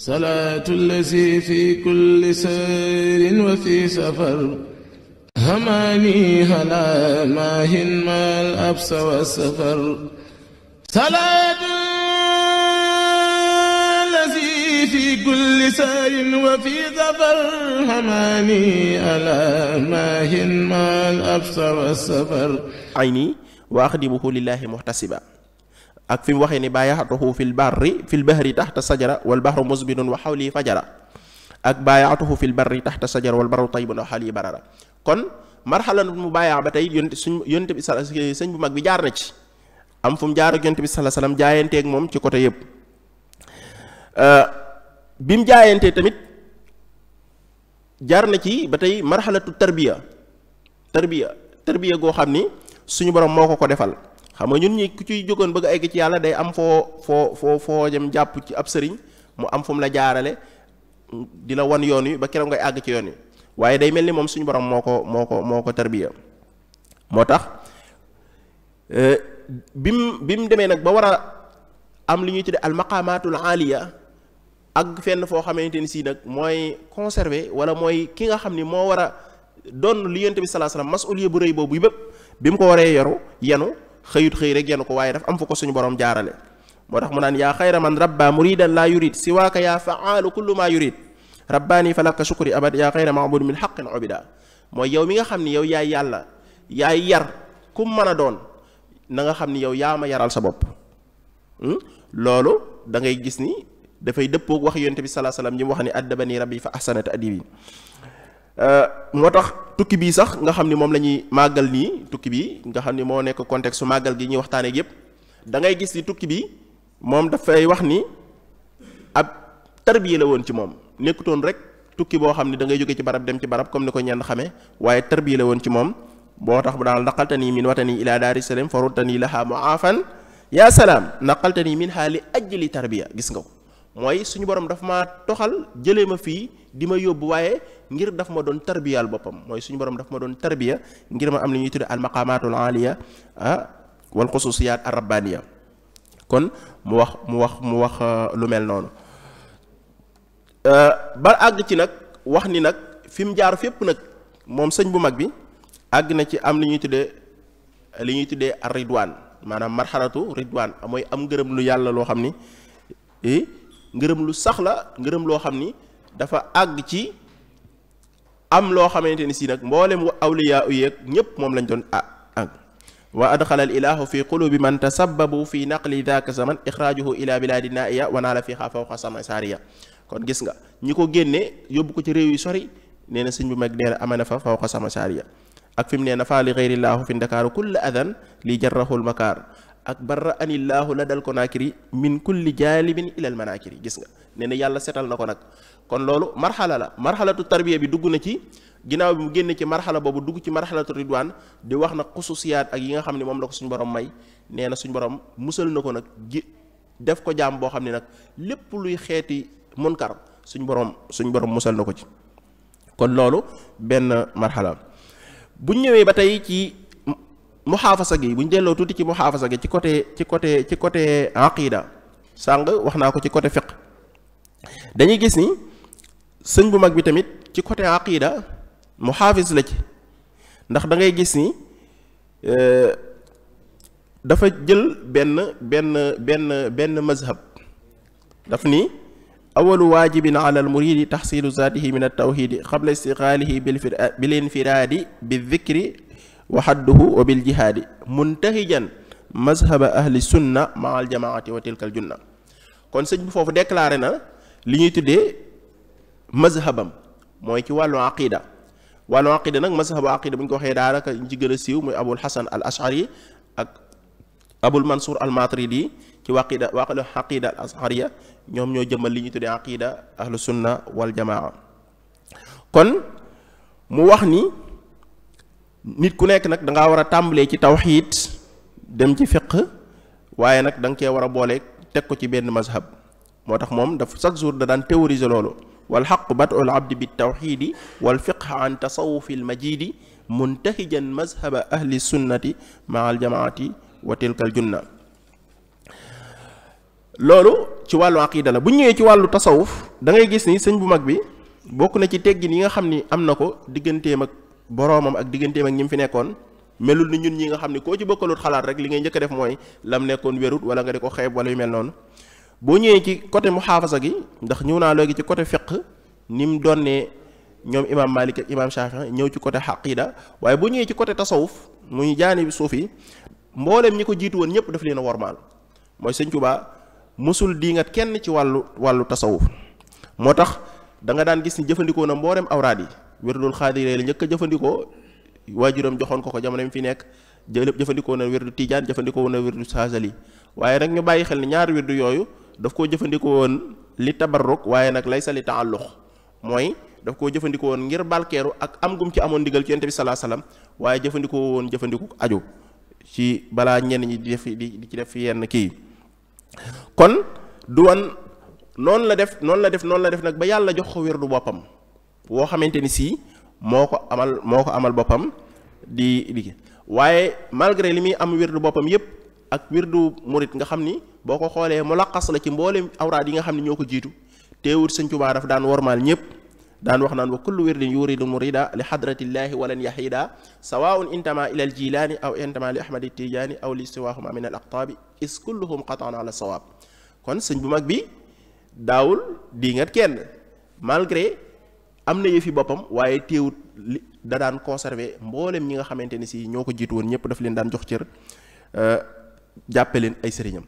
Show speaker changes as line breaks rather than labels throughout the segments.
salaatu lazi fi kulli sayrin wa fi safar hamaani halaa maahin maal absa wa safar salaatu lazi fi kulli sayrin wa fi safar hamaani halaa maahin maal absa wa safar ayni wa axdimuhu lillaahi muhtasiba ak fi mu waxee ni baayaatuhu fil barri fil bahri taxta sajara wal bahru musbidun wa xawli fajara ak baayaatuhu fil barri taxta sajara wal bahru taybun wa xawli barara kon marxala mu baayaa ba tey yonte suñ yonte bi sa sëñ bu mag jaar na ci am fu mu jaar ak bi sala salaam jaayanteek moom ci côté yëpp euh, bi mu jaayantee tamit jaar na ci ba tey marxalatu tarbiya tarbiya tarbiya goo xam ni suñu borom moo ko ko defal xam nga ñun ñi ku ciy jógoon bëgg a egg ci yàlla day am foo foo foo foo jëm jàpp ci ab sëriñ mu am fu la jaarale dina wan yoon wi ba keroog ngay àgg ci yoon wi waaye day mel ni moom suñu borom moo ko moo ko moo ko tarbiya moo tax e, bim bi mu demee nag ba war a am li ñuy tuddee al maqaamaatul aaliya ak fenn foo xamante ni sii nag mooy conservé wala mooy ki nga xam ni moo war a doon li yonent bi sallallahu alayhi wasallam masuliya bu rëy boobu yëpp bi mu ko waree yoru yenu xëyut xëy rek yenu ko waaye daf am fu ko suñu borom jaarale moo tax mu naan yaa xayra man rabba muridan laa yurid siwaaka yaa faalu kullu maa yurid rabbaani falaka shukri abad yaa xayra maabud min xaqin obida mooy yow mi nga xam ni yow yaay yàlla yaay yar kum mën a doon na nga xam ni yow yaa ma yaral sa bopp hmm? loolu da gis ni dafay dëppoog wax yonte bi salaa salaam ñi mu wax ni addabani rabbi fa ahsana ta'dibi Euh, moo tax tukki bii sax nga xam ni moom la ñuy màggal nii tukki bii nga xam ni moo nekk contexte màggal gi ñuy waxtaanee yépp dangay gis ni tukki bi moom dafay wax ni ab tarbiye la woon ci moom nekkutoon rek tukki boo xam ni da ngay ci barab dem ci barab comme ni ko ñenn xamee waaye tarbiye la woon ci moom boo tax bu daal naqaltani min watani ila daari salam farutani laha muafan yaa salaam naqaltani min haa li ajli tarbiya gis nga ko mooy suñu borom dafa ma toxal jëlee ma fii di ma yóbbu waaye ngir daf ma doon tarbiyaal boppam mooy suñu borom daf ma doon tarbiya ngir ma am li ñuy tuddee almaqamatul aliya ah wal xususiyat arrabbaaniya kon mu wax mu wax mu wax uh, lu mel noonu uh, ba àgg ci nag wax ni nag fi mu jaar fépp nag moom sëñ bu mag bi àgg na ci am li ñuy tuddee li ñuy tuddee ridwaan maanaam marxalatu ridwaan amooy am ngërëm lu yàlla loo xam ni ngërëm lu sax la ngërëm loo xam ni dafa àgg ci am loo xamante ni sii nag mboole mboolem awliyaa yeeg ñëpp moom lañ doon ak wa adxala al ilahu fi qulubi man tasababu fi naqli daka zaman ixraajuhu ila biladi naiya wa naala fiha fawqa sama saariya kon gis nga ñi ko génne yóbbu ko ci réew yu sori nee na sëñ bu mag nee na amana fa fawqa sama saariya ak fi mu nee na fa li gayrillahu fi ndakaaru kulla adan li jarrahul makaar ak barra anillahu la dal ko naakiri min kulli jaalibin ilal manaakiri gis nga nee yàlla setal na ko nag kon loolu marxala la marxalatu tarbiya bi dugg na ci ginnaaw bi mu génnee ci marxala boobu dugg ci marxalatu ridwaan di wax na xususiyaat ak yi nga xam ne moom la ko suñu borom may nee na suñu borom musal na ko nag gi def ko jaam boo xam ne nag lépp luy xeeti munkar suñu borom suñu borom musal na ko ci kon loolu benn marxala bu ñëwee ba tey ci muxaafasa gi bu ñu delloo tuuti ci muxaafasa gi ci côté ci côté ci côté aqida sàng wax naa ko ci côté fiq dañuy gis ni. sëñ bu mag bi tamit ci côté aqida mu xaafis la ci ndax da ngay gis ni euh, dafa jël benn benn benn benn mazhab daf ni awalu waajibin ala al muridi taxsilu zaatihi min altawxidi xabla istiqaalihi bil infiraadi bi dikri wa xadduhu wa bil jihaadi muntahijan mazhaba ahli sunna maa al jamaati wa tilka junna kon sëñ bu foofu déclaré na li ñuy tuddee mazhabam mooy ci wàllu aqida wàllu aqida nag mazhabu aqida bu ñu ko waxee daanaka ñu ci gën a siiw muy abul hasan al ashari ak abul mansour al matridi ci waqida waqalu aqida al ashariya ñoom ñoo jëmmal li ñu tuddee aqida ahlu sunna wal jamaa kon mu wax ni nit ku nekk nag da ngaa war a tàmbalee ci tawxiid dem ci fiq waaye nag danga nga cee war a boole teg ko ci benn mazhab moo tax moom daf chaque jour da daan théoriser loolu walxaqu badu alabdi biltawxidi walfiqh an tasawufi almajidi muntahijan mazhaba ahli sunnati maa aljamaati wa tilka aljunna loolu ci wàllu aqida la bu ñëwee ci wàllu tasawuf da ngay gis ni sëñ bu mag bi bokk na ci teggin yi nga xam ni am na ko digganteem ak boroomam ak digganteem ak ñi mu fi nekkoon melul ni ñun ñi nga xam ne koo ci bokkalut xalaat rek li ngay njëkk def mooy lam nekkoon wérut wala nga di ko xeeb wala yu mel noonu boo ñëwee ci côté muhaafasa gi ndax ñëw naa léegi ci côté fiqh ni mu doon ñoom imaam Malik ak imaam Shafi'i ñëw ci côté xaqida waaye boo ñëwee ci côté tasawuf muy jaani suuf yi mboolem ñi ko jiitu woon ñëpp dafa leen a wormaal mooy sëñ mosul dii diingat kenn ci wàllu wàllu tasawuf moo tax da nga daan gis ni jëfandikoo na mboolem awraad yi wérdul xaadiree la njëkk a jëfandikoo waajuram joxoon ko ko jamono mi fi nekk jël jëfandikoo na wérdu tijaan jëfandikoo na wérdu saasali waaye nag ñu bàyyi xel ni ñaari wérdu yooyu daf koo jëfandikoo woon li tabarruk waaye nag lay laysa li taalluq mooy daf koo jëfandikoo woon ngir balkeeru ak am gum ci amoon ndigal ci yonent bi salaa salaam waaye jëfandikoo woon jëfandiku aju ci balaa ñenn ñi di def di di ci def yenn kii kon du woon noonu la def noonu la def noonu la def nag ba yàlla jox ko wér du boppam woo xamante ni sii moo ko amal moo ko amal boppam di di waaye malgré li muy am wér du boppam yépp ak wér du murit nga xam ni boo ko xoolee mulaqas la ci mboolem awraad yi nga xam ne ñoo ko jiitu teewut sëñ Tuubaa daf daan wormaal ñëpp daan wax naan wa kullu wirdin yuridul murida li xadratillaahi walan yahida sawaun intama ila al jilaani aw intama li ahmadi tijaani aw li siwahuma min al aqtaabi is kulluhum qataan ala sawaab kon sëñ bu mag bi daawul nga kenn malgré am na yëfi boppam waaye teewut li da daan conservé mboolem ñi nga xamante ni si ñoo ko jiitu ñëpp daf leen daan jox cër euh, jàppe leen ay sëriñam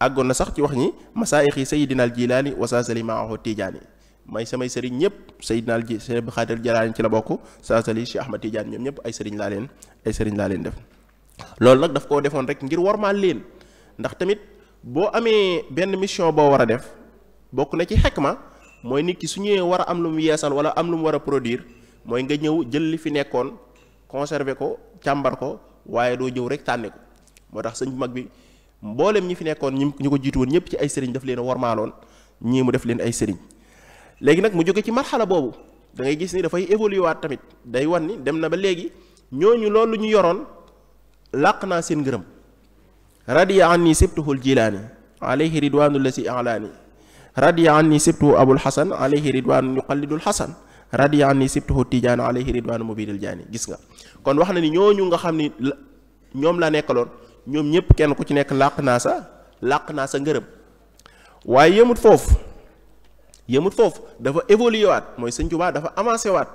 àggoon na sax ci wax ñi ni masaayixi sayidinaal jilaani wasaasali maahu tijaani may samay sëriñ ñëpp sayidinaal ji Cheikh Xaadir Jilaani ci la bokk saasali Cheikh Ahmad Tijaani ñoom ñëpp ay sëriñ laa leen ay sëriñ laa leen def loolu nag daf koo defoon rek ngir wormaal leen ndax tamit boo amee benn mission boo war a def bokk na ci xekk ma mooy nit ki su ñëwee war a am lu mu yeesal wala am lu mu war a produire mooy nga ñëw jël li fi nekkoon conserver ko càmbar ko waaye doo jëw rek tànne ko moo tax sëñ mag bi mboolem ñi fi nekkoon ñi ñu ko jiitu woon ñëpp ci ay sëriñ daf leen wormaaloon ñii mu def leen ay sëriñ léegi nag mu jóge ci marxala boobu da ngay gis ni dafay évoluer waat tamit day wan ni dem na ba léegi ñooñu loolu ñu yoroon làq naa seen ngërëm radiya anni sibtuhul jilaani alayhi ridwaanu lasi alaani radiya anni sibtuhu abul xasan alayhi ridwaanu yuqallidul xasan radiya anni sibtuhu tijaan alayhi ridwaanu mubinil jaani gis nga kon wax na ni ñooñu nga xam ni ñoom laa nekkaloon ñoom ñëpp kenn ku ci nekk làq naa sa làq naa sa ngërëm waaye yëmut foofu yëmut foofu dafa évolué waat mooy sëñ Tuubaa dafa avancé waat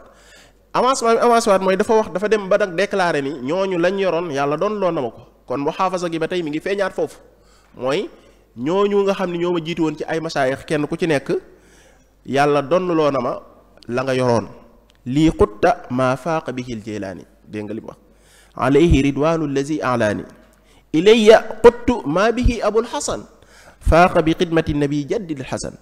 avancement bi avancé mooy dafa wax dafa dem ba nag déclaré ni ñooñu lañ yoroon yàlla doon loon na ma ko kon muhaafasa gi ba tey mi ngi feeñaat foofu mooy ñooñu nga xam ni ñoo ma jiitu woon ci ay masaayix kenn ku ci nekk yàlla donn loo ma la nga yoroon lii xutta maa faaqa bihil jeylaani dégg nga li mu wax alayhi ridwaanu lazi ilayya quttu maa bihi abul xasan faaqa bi xidmati nabi jaddil xasan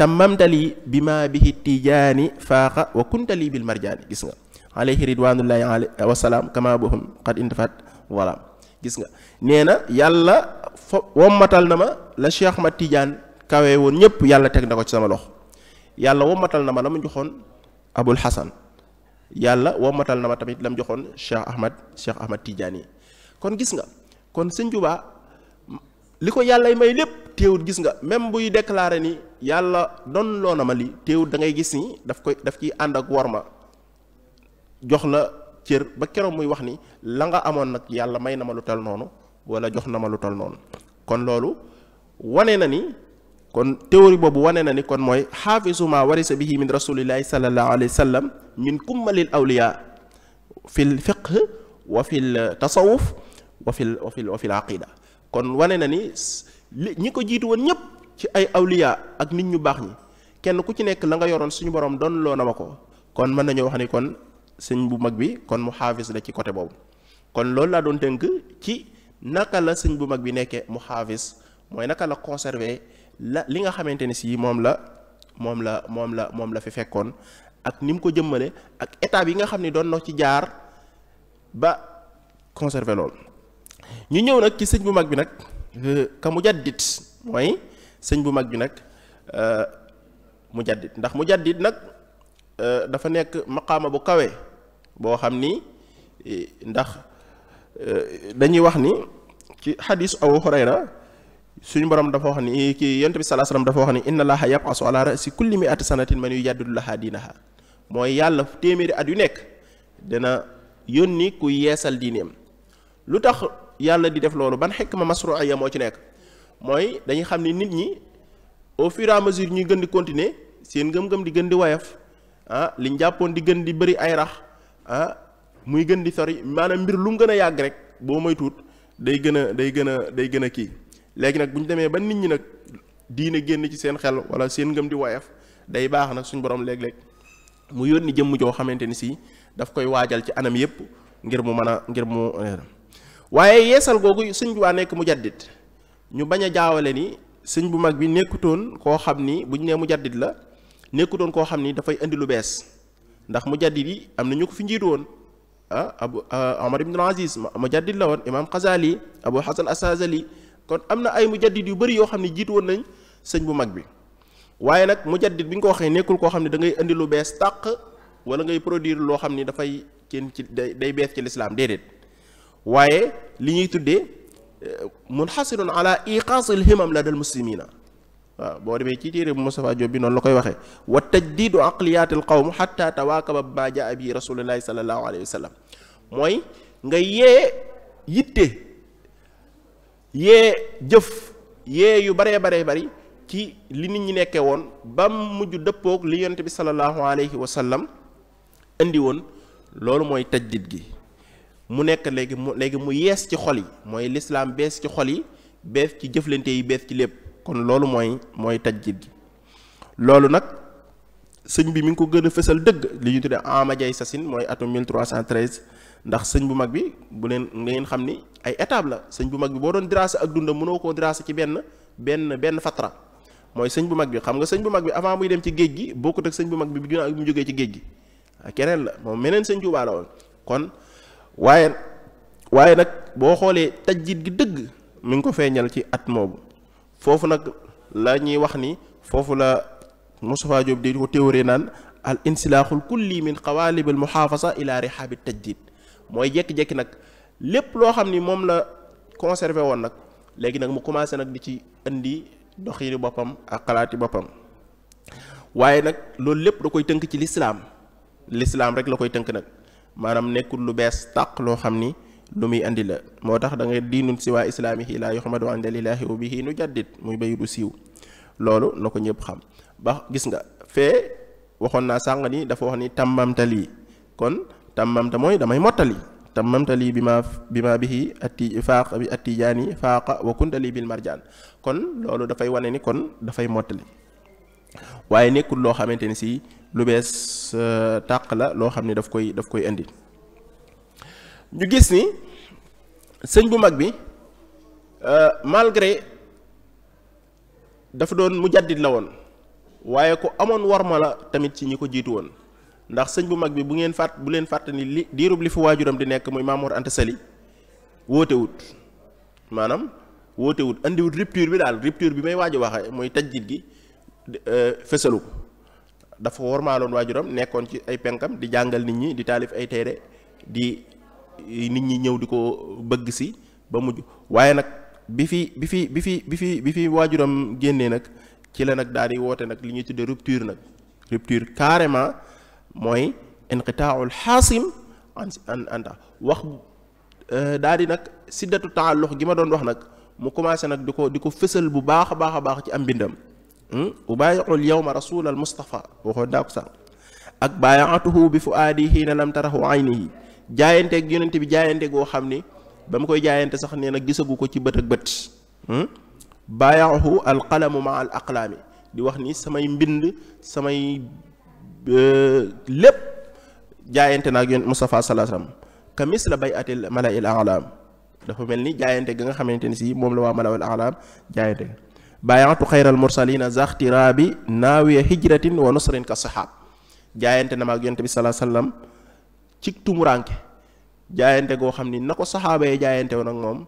tamamtali bi maa bihi tijaani faaqa wa kuntali bil marjaani gis nga alayhi ridwanullahi alayhi wasalaam kama bohum qad intafat wala gis nga nee na yàlla fo wommatal na ma la Cheikh Ahmad Tidiane kawe woon ñëpp yàlla teg na ko ci sama lox yàlla wommatal na ma la mu joxoon abul xasan yàlla wommatal na ma tamit la mu joxoon Cheikh Ahmad Cheikh Ahmad Tidiane yi kon gis nga kon sëñ Tuubaa li ko yàlla may lépp téewut gis nga même buy déclaré ni yàlla doon loo na ma li téewut da ngay gis ni daf koy daf ciy ànd ak ma jox la cër ba keroog muy wax ni la nga amoon nag yàlla may na ma lu tal noonu wala jox na ma lu tal noonu kon loolu wane na ni kon théorie boobu wane na ni kon mooy xaafisu ma warisa bihi min rasulillahi sallallahu alayhi wa sallam min kummalil awliya fil fiqh wa fil tasawuf wa fil wa fil wa kon wane na ni li ñi ko jiitu woon ñëpp ci ay awliya ak nit ñu baax ñi kenn ku ci nekk la nga yoroon suñu borom doon loo na ma ko kon mën nañoo wax ni kon sëñ bu mag bi kon mu xaafis la ci côté boobu kon loolu laa doon tënk ci naka la sëñ bu mag bi nekkee mu xaafis mooy naka la conserver la li nga xamante ne si moom la moom la moom la moom la fi fekkoon ak ni mu ko jëmmale ak état yi nga xam ni doon na ci jaar ba conserver loolu. ñu ñëw nag ci sëñ bu mag bi nag euh, ka mu jaddit mooy sëñ bu mag bi nag euh, mu jaddit ndax mu jàddit nag euh, dafa nekk maqaama bu kawe boo xam ni eh, ndax dañuy wax ni ci xadis abu hurayra suñu borom dafa wax ni ki yonent bi sallallahu dafa wax ni inna allaha yab'asu ala ra'si kulli mi'ati sanatin man yujaddidu laha diinaha mooy yàlla téeméeri at yu nekk dana yónni ku yeesal diineem lu tax yàlla di def loolu ban xekk ma masroa ya moo ci nekk mooy dañuy xam ni nit ñi au fur à mesure ñuy gën di continuer seen ngëm-ngëm di gën di woyof ah liñ jàppoon di gën di bëri ay rax ah muy gën di sori maanaam mbir lu mu gën a yàgg rek boo may tuut day gën a day gën a day gën a kii léegi nag bu ñu demee ba nit ñi nag diine génn ci seen xel wala seen ngëm di woyaf day baax nag suñu borom léeg-léeg mu yónni jëmm joo xamante ni si daf koy waajal ci anam yépp ngir mu mën a ngir mu waaye yeesal googu sëñ bi waa nekk mu jaddit ñu bañ a jaawale ni sëñ bu mag bi nekkutoon koo xam ni bu ñu nee mu jaddit la nekkutoon koo xam ni dafay indi lu bees ndax mu jaddit yi am na ko fi njiitu woon ah abu ah, Omar ibn Aziz mu jaddit la woon imaam Xazali abu Hasan Asazali kon am na ay mu jaddit yu bëri yoo xam ne jiitu nañ sëñ bu mag bi waaye nag mu bi ñu ko waxee nekkul koo xam ne da ngay indi lu bees tàq wala ngay produire loo xam ni dafay kenn ci day bees ci lislaam déedéet. waaye li ñuy tuddee euh, munxasirun ala iqaasil himam la dal muslimina waaw boo demee ci téere bu Moustapha Diop bi noonu la koy waxee wa tajdidu aqliyaatil qawm xatta tawaakaba ma jaa bi rasulullahi salallahu alayhi wa sallam mooy nga yee yitte yee jëf yee yu baree bare bari ci li nit ñi nekkee woon ba mujj dëppook li yonent bi salallahu alayhi wa sallam indi woon loolu mooy tajdid gi mu nekk léegi mu léegi mu yees ci xol yi mooy lislaam bees ci xol yi bees ci jëflante yi bees ci lépp kon loolu mooy mooy tajjid gi loolu nag sëñ bi mu ngi ko gën a fësal dëgg li ñu tuddee amajay sasin mooy atum 1313 ndax sëñ bu mag bi bu leen nga leen xam ni ay étape la sëñ bu mag bi boo doon diraasa ak dundam mënoo koo diraasa ci benn benn benn fatra mooy sëñ bu mag bi xam nga sëñ bu mag bi avant buy dem ci géej gi bokkut ak sëñ bu mag bi bi ginnaaw bi mu ci géej gi keneen la moom meneen sëñ Tuubaa la woon kon waaye waaye nag boo xoolee tajjit gi dëgg mi ngi ko feeñal ci at moomu foofu nag la ñuy wax ni foofu la Moustapha Diop di ko théorie naan al insilaaxul kulli min qawaalib al muhaafasa ila rihaabi tajjit mooy jékki-jékki nag lépp loo xam ni moom la conservé woon nag léegi nag mu commencé nag di ci indi doxini boppam ak xalaati boppam waaye nag loolu lépp da koy tënk ci lislaam lislaam rek la koy tënk nag maanaam nekkul lu bees tàq loo xam ni lu muy indi la moo tax da nga diinun si waa islaamihi laa yuxmadu inda lillahi wa bihi nu jaddit muy bay du siiw loolu na ko ñëpp xam ba gis nga fee waxoon naa sàng ni dafa wax ni tàmbamtali kon tàmbamta mooy damay mottali tàmbamtali bi ma bi ma bihi atti faaq bi attijaani faaqa wa kuntali bil marjaan kon loolu dafay wane ni kon dafay mottali waaye nekkul loo xamante ni si lu bees euh, tàq la loo xam ni daf koy daf koy indi ñu gis ni sëñ bu mag bi euh, malgré dafa doon mujaddid la woon waaye ku amoon warma la tamit ci ñi ko jiitu woon ndax sëñ bu mag bi bu ngeen fàtt bu leen fàtt ni li diirub li fi waajuram di nekk muy Maam Mor Anta woote wut maanaam woote wut andiwut rupture bi daal rupture bi may waaj a mooy muy tajjit gi euh, fësalu ko dafa war maa wormaaloon waajuram nekkoon ci ay penkam di jàngal nit ñi di taalif ay téere di eh, nit ñi ñëw di ko bëgg si ba mujj waaye nag bi fi bi fi bi fi bi fi bi fi waajuram génnee nag ci la nag daal di woote nag li ñuy tuddee rupture nag rupture carrément mooy inqitaaul xaasim an anta wax eh, daal di nag siddatu taalux gi ma doon wax nag mu commencé nag di ko di ko fësal bu baax a baax a baax ci am mbindam Hmm? ubaayiul yowma rasul al mustafa waxoon daa ko sax ak baayaatuhu bi fu aadi xiina lam tarahu aynihi jaayanteeg yonente bi jaayante goo xam ni ba mu koy jaayante sax nee na gisagu ko ci bët ak bët hmm? baayahu al ma al di wax ni samay mbind samay euh, lépp jaayante naag yoon Mustafa salaa ka mis la bay atil mala il alaam dafa mel ni jaayante ga nga xamante ni si moom la waa mala il alaam jaayante bayaatu xayral mursalina zaxtiraabi naawiya hijratin wa nusrin ka saxaab jaayante na maag yonte bi salaa sallam ci tumuranke jaayante goo xam ni na ko saxaaba yee jaayante woon ak moom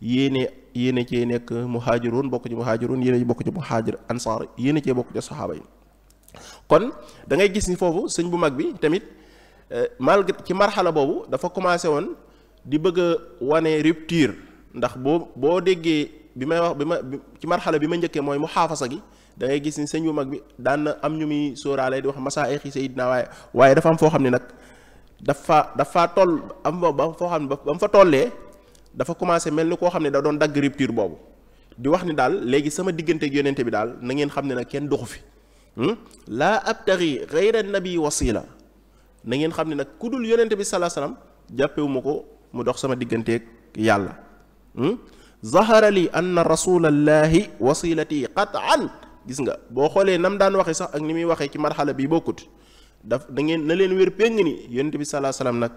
yéene yéene cee nekk muhaajiroon bokk ci muhaajiroon yéene ci bokk ci muhaajir ansaar yéene cee bokk ci saxaaba yi kon da gis ni foofu sëñ bu mag bi tamit eh, malgré ci marxala boobu dafa commencé woon di bëgg a wane rupture ndax boo boo déggee bi may wax bi ma ci marxala bi ma njëkkee mooy mu muxaafasa gi da ngay gis ni sëñ bu mag bi daan na am ñu muy sóoraale di wax masa ay xise dinaa waaye waaye dafa am foo xam ne nag dafa dafa toll am ba foo xam ne ba mu fa tollee dafa commencé mel ni koo xam ne da doon dagg rupture boobu di wax ni daal léegi sama diggante ak bi daal na ngeen xam ne nag kenn doxu fi hmm? laa abtari xayra nabi wasila na ngeen xam ne nag ku dul yonente bi salaa salaam jàppewuma ko mu dox sama digganteeg yàlla hmm? zahara li anna rasulallahi wasilati qataan gis nga boo xoolee nam daan waxee sax ak ni muy waxee ci marxala bi bokkut daf da ngeen na leen wér péng ni yonent bi salaa salaam nag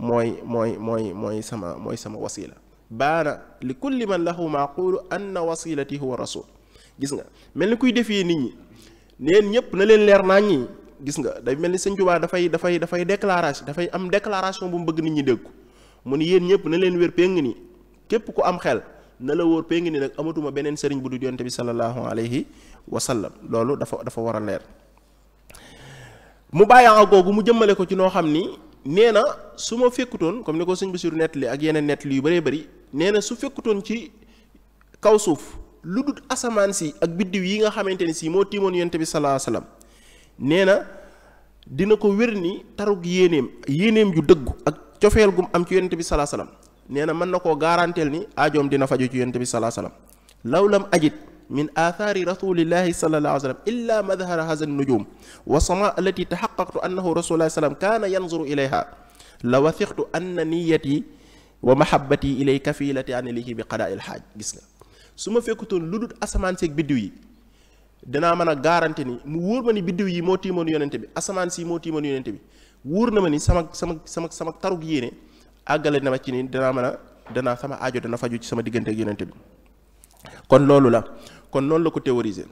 mooy mooy mooy mooy sama mooy sama wasila baana li kulli man lahu maaqulu anna wasilati huwa rasul gis nga mel ni kuy defee nit ñi neen ñëpp na leen leer naa ñi gis nga day mel ni sëñ Tuubaa dafay dafay dafay déclaration dafay am déclaration bu mu bëgg nit ñi dégg mu ni yéen ñëpp na leen wér péng ni képp ku am xel na la wóor péngi ni nag amatuma beneen sëriñ bu du bi sallallahu alayhi wa sallam loolu dafa dafa war a leer mu bàyyi googu mu jëmmale ko ci noo xam ni nee na su ma fekkutoon comme ni ko sëñ Bassirou nettali ak yeneen nettali yu bëree bëri nee su fekkutoon ci kaw suuf lu dut si ak biddiw yi nga xamante ni si moo tiimoon yonte bi sallallahu alayhi nee na dina ko wér ni tarug yéeneem yéeneem ju dëggu ak cofeel gum am ci yonente bi salaa salaam nee na mën na koo garanteel ni aajoom dina faju ci bi salaa salaam law lam ajid min aathaari rasulillahi sallallahu alayhi wa sallam illa madhara haza nujum wa sama allati taxaqaqtu annahu rasulullahi sallam kaana yanzuru ilayha la wathiqtu anna niyati wa mahabbati ilay kafilati an lihi bi qadaa il xaaj gis nga su ma fekkutoon lu dul asamaan seeg biddiw yi danaa mën a gaarante ni mu wóor ma ni biddiw yi moo tiimoon yonente bi asamaan si moo tiimoon yonente bi wóor na ma ni sama sama sama sama tarug yéene àggale na ma ci ni danaa mën a danaa sama aajo dana faju ci sama diggante ak yonent bi kon loolu la kon loolu la ko théoriser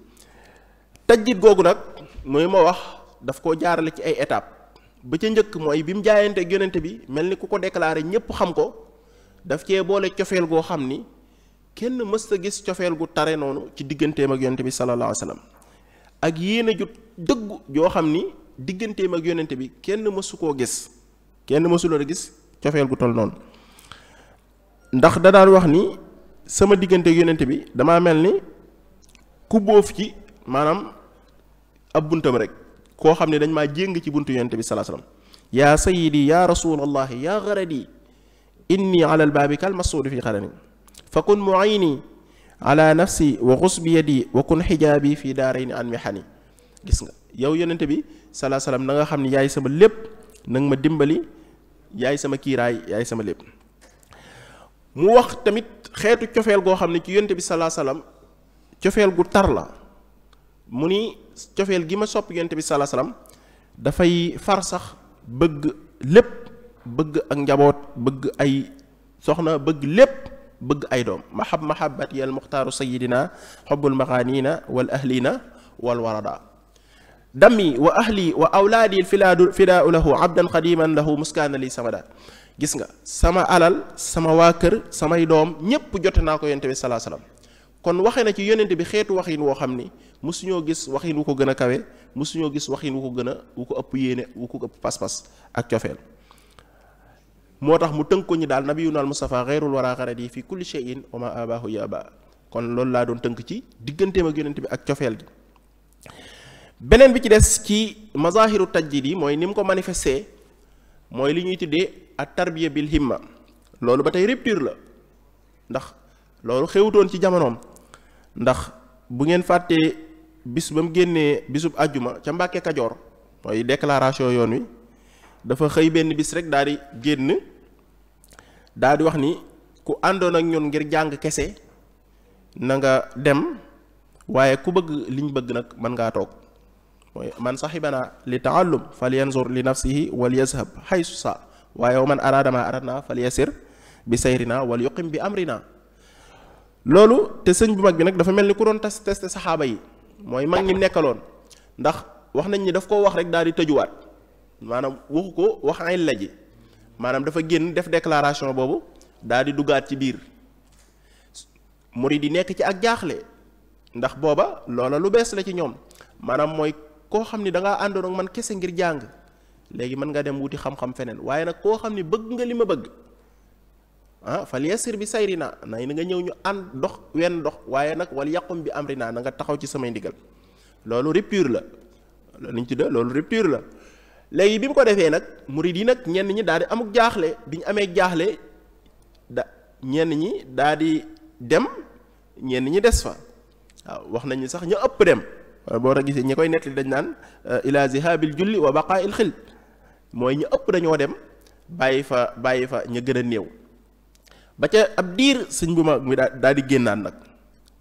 tajjit googu nag mooy ma wax daf koo jaarale ci ay étape ba ca njëkk mooy bi mu jaayante ak yonent bi mel ni ku ko déclaré ñépp xam ko daf cee boole cofeel goo xam ni kenn mës a gis cofeel gu tare noonu ci digganteem ak yonent bi sallallahu alayhi wa ak yéene ju dëggu joo xam ni digganteem ak yonent bi kenn mësu koo gis kenn mësuloo gis cofeel gu toll noonu ndax da daan wax ni sama diggante yonent bi damaa mel ni ku bóof ci maanaam ab buntam rek koo xam ne dañ ma jéng ci buntu yonent bi salaa salaam yaa sayidi yaa rasulallahi yaa garadi inni ala albaabi kal masuudi fi xarani fa kun muayni ala nafsi wa xus bi yadi wa kun xijaabi fi daarayni an mihani gis nga yow yonent bi salaa salaam na nga xam ne yaay sama lépp na ma dimbali yaay sama kiiraay yaay sama lépp mu wax tamit xeetu cofeel goo xam ne ci yonte bi salaa salaam cofeel gu tar la mu ni cofeel gi ma sopp yonte bi salaa salaam dafay far sax bëgg lépp bëgg ak njaboot bëgg ay soxna bëgg lépp bëgg ay doom mahab mahabati al muxtaaru sayidina xubbul maxaaniina wal ahliina wal warada dammi wa ahli wa awlaadi filaadu fidaau lahu abdan xadiman lahu muskaana li samada gis nga sama alal sama waa kër samay doom ñépp jote naa ko yonent bi salaa kon waxe na ci yonent bi xeetu waxin woo xam ni mosuñoo gis waxin wu ko gën a kawe mosuñoo gis waxin wu ko gën a wu ko ëpp yéene wu ko ëpp pas-pas ak cofeel moo tax mu tënk ko ñi daal nabiyun al Mustafa xeyrul wara xarat yi fi kulli shay'in wa ma abahu yaba kon loolu laa doon tënk ci digganteem ak yonent bi ak cofeel gi beneen bi ci des ci mazahiru tajdiid di mooy ni mu ko manifesté mooy li ñuy tuddee ak tarbiya bil himma loolu ba tey rupture la ndax loolu xewutoon ci jamonoom ndax bu ngeen fàttee bis ba mu génnee bisub àjjuma ca Mbàkke Kajoor mooy déclaration yoon wi dafa xëy benn bis rek daal di génn daal di wax ni ku àndoon ak ñun ngir jàng kese na nga dem waaye ku bëgg liñ bëgg nag mën ngaa toog mooy man saxibana li taallum fal yanzur li nafsihi wal yazhab xaysu sa waaye wa man araada ma aradna fal yasir bi sayrina wal yuqim bi amrina loolu te sëñ bu mag bi nag dafa mel ni ku doon test test saxaaba yi mooy mag ñi nekkaloon ndax wax nañ ni daf koo wax rek daal di tëjuwaat maanaam waxu ko wax ay laji maanaam dafa génn def déclaration boobu daal di duggaat ci biir murid di nekk ci ak jaaxle ndax booba loola lu bees la ci ñoom maanaam mooy koo xam ni da ngaa àndoon ak man kese ngir jàng léegi mën nga dem wuti xam-xam feneen waaye nag koo xam ni bëgg nga li ma bëgg ah fal yasir bi sayri naa nay na nga ñëw ñu ànd dox wenn dox waaye nag wal yàqum bi amri naa na nga taxaw ci samay ndigal loolu rupture la loolu liñ tudde loolu rupture la léegi bi mu ko defee nag murid yi nag ñenn ñi daal di amuk jaaxle bi ñu amee jaaxle da ñenn ñi daal di dem ñenn ñi des fa waaw wax nañu sax ñu ëpp dem Euh, boo tax gisee ñi koy nettali dañ naan euh, ila zihabil julli wa baqa il xil mooy ñu ëpp dañoo dem bàyyi fa bàyyi fa ña gën a néew ba ca ab diir sëñ bu mag mi daal di génnaat nag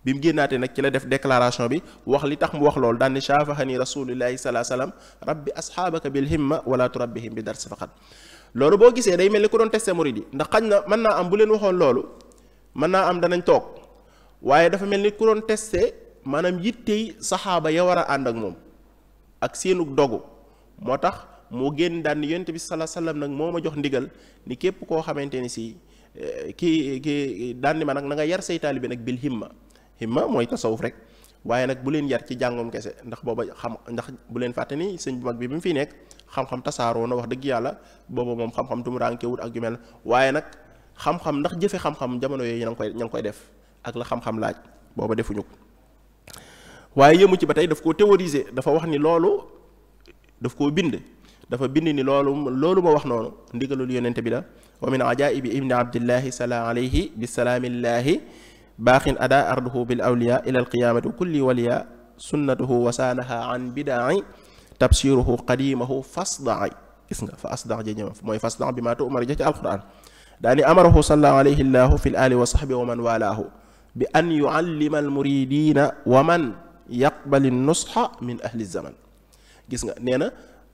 bi mu génnaatee nag ci la def déclaration bi wax li tax mu wax loolu daan ni shaafaxani rasulillahi salaa salaam rabbi asxaabaka bil himma wala turabbihim bi darsi faqat loolu boo gisee day mel ni ku doon testé murid yi ndax xañ na mën naa am bu leen waxoon loolu mën naa am danañ toog maanaam yittey saxaaba ya war a ànd ak moom ak seenug dogu moo tax moo génn daan ni yonent bi salaa nag moo ma jox ndigal ni képp koo xamante ni si eh, kii kii daan ma nag na nga yar say taalibe nag bil himma himma mooy tasawuf rek waaye nag bu leen yar ci jàngum kese ndax booba xam ndax bu leen fàtte sëñ bu mag bi bi mu fi nekk xam-xam tasaaroo na wax dëgg yàlla booba moom xam-xam tumuraankewut ak yu waaye nag xam ndax jëfe xam jamono yooyu ña ngi koy ña ngi koy def ak la xam-xam laaj booba defuñu ko waaye yëmu ci ba tey daf koo théoriser dafa wax ni loolu daf koo bind dafa bind ni loolu loolu ma wax noonu ndigalul yonente bi la wa min ajaibi ibni abdillahi sala alayhi bisalaamillaahi baaxin ada arduhu bil awliya ila alqiyaamati kulli waliya sunnatuhu wasaanaha an bidaai tabsiruhu qadimahu fasdaai gis nga fa asda ja jëma mooy fasda bi ma tu umar ja ci alquran daani amarahu sala alayhi llaahu fi l ali wa sahbi wa man walaahu bi an yuallima almuridina wa man yaqbali nusxa min ahli zaman gis nga nee na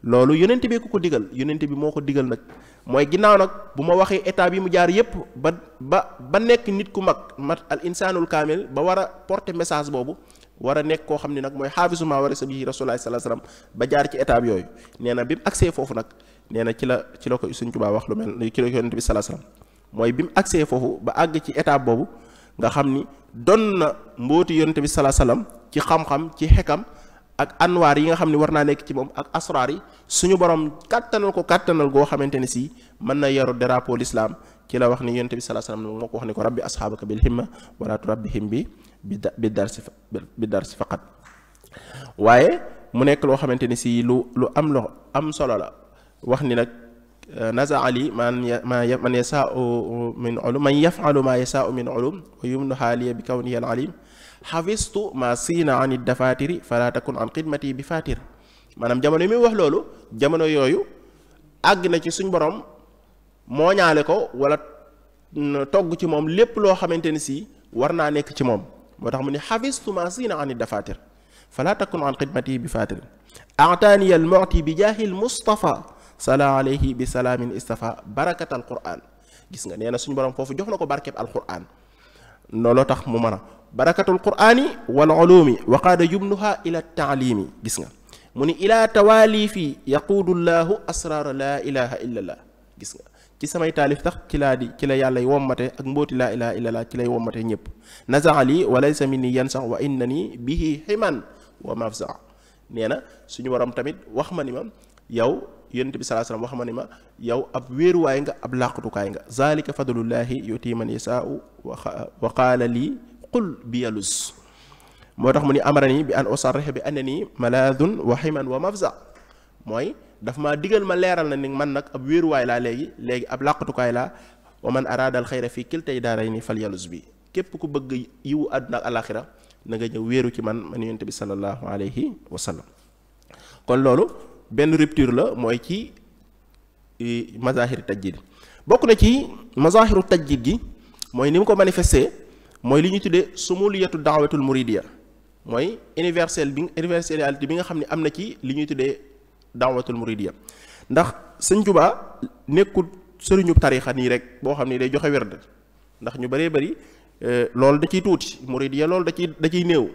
loolu yonent bi ku ko digal yonent bi moo ko digal nag mooy ginnaaw nag bu ma waxee état yi mu jaar yépp ba ba ba nekk nit ku mag mat al insaanul kaamil ba war a porter message boobu war a nekk koo xam ne nag mooy xaafisu maa warasa bihi rasulullaahi sallallaahu alayhi wa ba jaar ci étape yooyu nee na bi mu agsee foofu nag nee na ci la ci la ko Sëñ Tuubaa wax lu mel ci la ko yonent bi sallallaahu alayhi mooy bi mu agsee foofu ba àgg ci étape boobu nga xam ni doon na mbooti yonent bi sallallaahu alayhi ci xam-xam ci xekam ak anwaar yi nga xam ne war naa nekk ci moom ak asraar yi suñu borom kàttanal ko kàttanal goo xamante ne si mën na yaru drapeau lislaam ci la wax ni yonent bi salaa salaam moo ko wax ni ko rabbi asxaabaka bil himma wala turabbihim bi bi bi darsi bi darsi faqat waaye mu nekk loo xamante ni si lu lu am lo am solo la wax ni nag euh, naza ali man ma man yasaau min ulum man yafalu ma yasaau min ulum wa yumnu xaaliya bi kawnihi al xafistu ma siina an dafatiri fala takun an xidmati bi faatir maanaam jamono yi muy wax loolu jamono yooyu àgg na ci suñ borom moo ñaale ko wala togg ci moom lépp loo xamante ni sii war naa nekk ci moom moo tax mu ne xafistu ma siina an dafatir fala takun an xidmati bi fatir ataani al muti bi jaahil mustafa sala alayhi bi salaamin istafa barakatal quraan gis nga nee na suñ borom foofu jox na ko barkeb alquraan looloo tax mu mën a barakatul qur'ani wal ulumi wa qaada jubnuha ila taalimi gis nga mu ni ilaa tawaali fii yaquudu llaahu asraara laa ilaha illa allah gis nga ci samay taalif tax ci laa di ci la yàlla wommate ak mbóoti la ilaha illa allah ci lay wommate ñëpp nazaali wa laysa minni yansax wa innani bihi himan wa mafza nee na suñu waram tamit wax ma ni ma yow yonent bi sallallahu alayhi wasallam wax ma ni ma yow ab wéeruwaay nga ab làqutukaay nga zalika fadlullahi yuti man yasaau wa qaala lii qul biyalus moo tax mu ni amarani bi an usarriha bi annani malaadun wa himan wa mafza mooy dafa ma digal ma leeral na ni man nag ab wéeruwaay laa léegi léegi ab làqutukaay laa wa man araada al xayra fii kiltay daaray ni fal yalus bi képp ku bëgg yiwu àdduna ak alaxira na nga ñëw wéeru ci man man yonent bi sallallahu alayhi wa sallam kon loolu benn rupture la mooy ci mazaahiru tajdiid bokk na ci mazaahiru tajdiid gi mooy ni mu ko manifesté mooy li ñuy tuddee sumuliyatu daawatul muridiya mooy universel bi universalité bi nga xam ne am na ci li ñuy tuddee daawatul muridiya ndax sëñ Tuubaa nekkut sëriñub tariixa nii rek boo xam ne day joxe werd ndax ñu bëree bëri euh, loolu da ciy tuuti muridiya lool da ciy da ciy néew.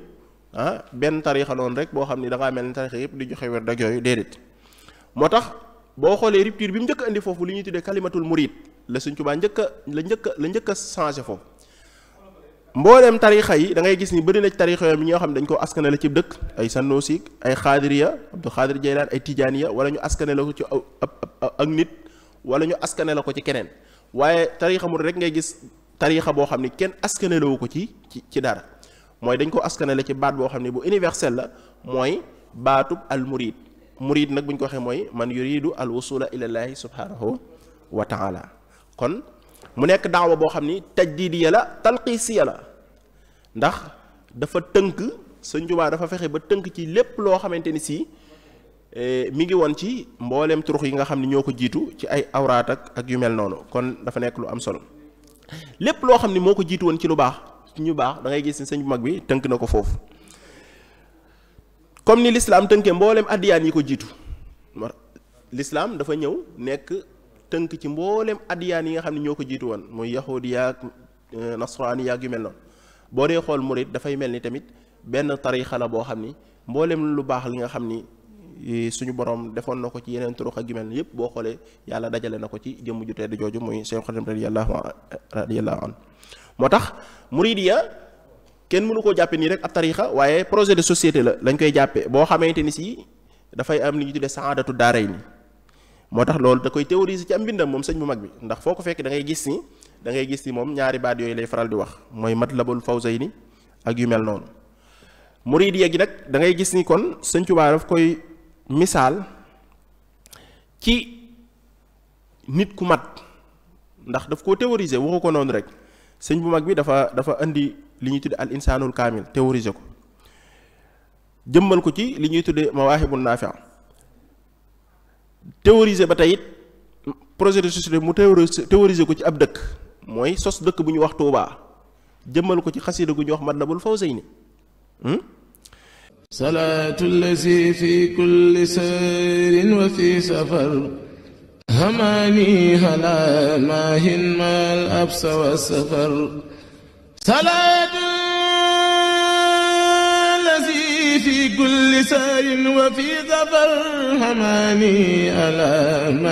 ah benn tarixa noonu rek boo xam ni da ngaa mel ni tarixa yëpp di joxe werd ak yooyu déedéet moo tax boo xoolee rupture bi mu njëkk indi foofu li ñuy tuddee kalimatul murid la Sëñ Tuubaa njëkk la njëkk a la njëkk a changé foofu mbooleem tarixa yi da ngay gis ni bëri na ci bi yooyu ñoo xam ne dañ ko la ci dëkk ay sannoosik ay xaadiriya Abdou Xaadir Jeylaan ay tijaaniya wala ñu askanale ko ci ak nit wala ñu la ko ci keneen waaye tarixa mu rek ngay gis tarixa boo xam ni kenn askanalewu ko ci ci ci dara mooy dañ ko askanale ci baat boo xam ne bu universel la mooy baatub al murid murid nag buñ ko waxee mooy man yuridu al wusula ilallaahi subhanahu wa taala kon mu nekk daawa boo xam ni tajdidiya la talqiisiya la ndax dafa tënk Sëñ Tuubaa dafa fexe ba tënk ci lépp loo xamante ni si e, mi ngi woon ci mbooleem turux yi nga xam ne ñoo ko jiitu ci ay awraat ak ak yu mel noonu kon dafa nekk lu am solo lépp loo xam ne moo ko jiitu woon ci lu baax ñu baax da ngay gis ni sañu mag bi tënk na ko foofu comme ni lislaam tënkee mboolem addiyaan yi ko jiitu lislaam dafa ñëw nekk tënk ci mboolem addiyaan yi nga xam ne ñoo ko jiitu woon muy yahudi yaag euh, nasraani yaa yu mel noonu boo dee xool murit dafay mel ni tamit benn tarixa la boo xam ni mboolem lu baax li nga xam ni suñu borom defoon na ko ci yeneen turux ak yu mel ni yëpp boo xoolee yàlla dajale na ko ci jëmm ju tedd jooju muy Seex Xaadim moo tax muridiya kenn mënu koo jàppe nii rek ab tarixa waaye projet de société la lañ koy jàppe boo xamante ni si dafay am li ñu tuddee saadatu daaray ni moo tax loolu da koy théoriser ci am mbindam moom sëñ bu mag bi ndax foo ko fekk da ngay gis ni da gis ni moom ñaari baat yooyu lay faral di wax mooy mat matlabul fawzayni ak yu mel noonu muridiya gi nag da ngay gis ni kon sëñ Tuubaa daf koy misaal ci nit ku mat ndax daf koo théoriser waxu ko noonu rek sëñ bu mag bi dafa dafa indi li ñuy tudde al insaanul kaamil théoriser ko jëmmal ko ci li ñuy tudde mawaahibun naafi'a théoriser ba tey projet de société mu théoriser ko ci ab dëkk mooy sos dëkk bu ñu wax Tuubaa jëmmal ko ci xasida gu ñu wax Matlabul Fawzayni hmm? salaatu llazi fi kulli sayrin wa fi safar هماني هلا ماهن ما الأبس والسفر صلاة الذي في كل سار وفي ظفر هماني ألا ما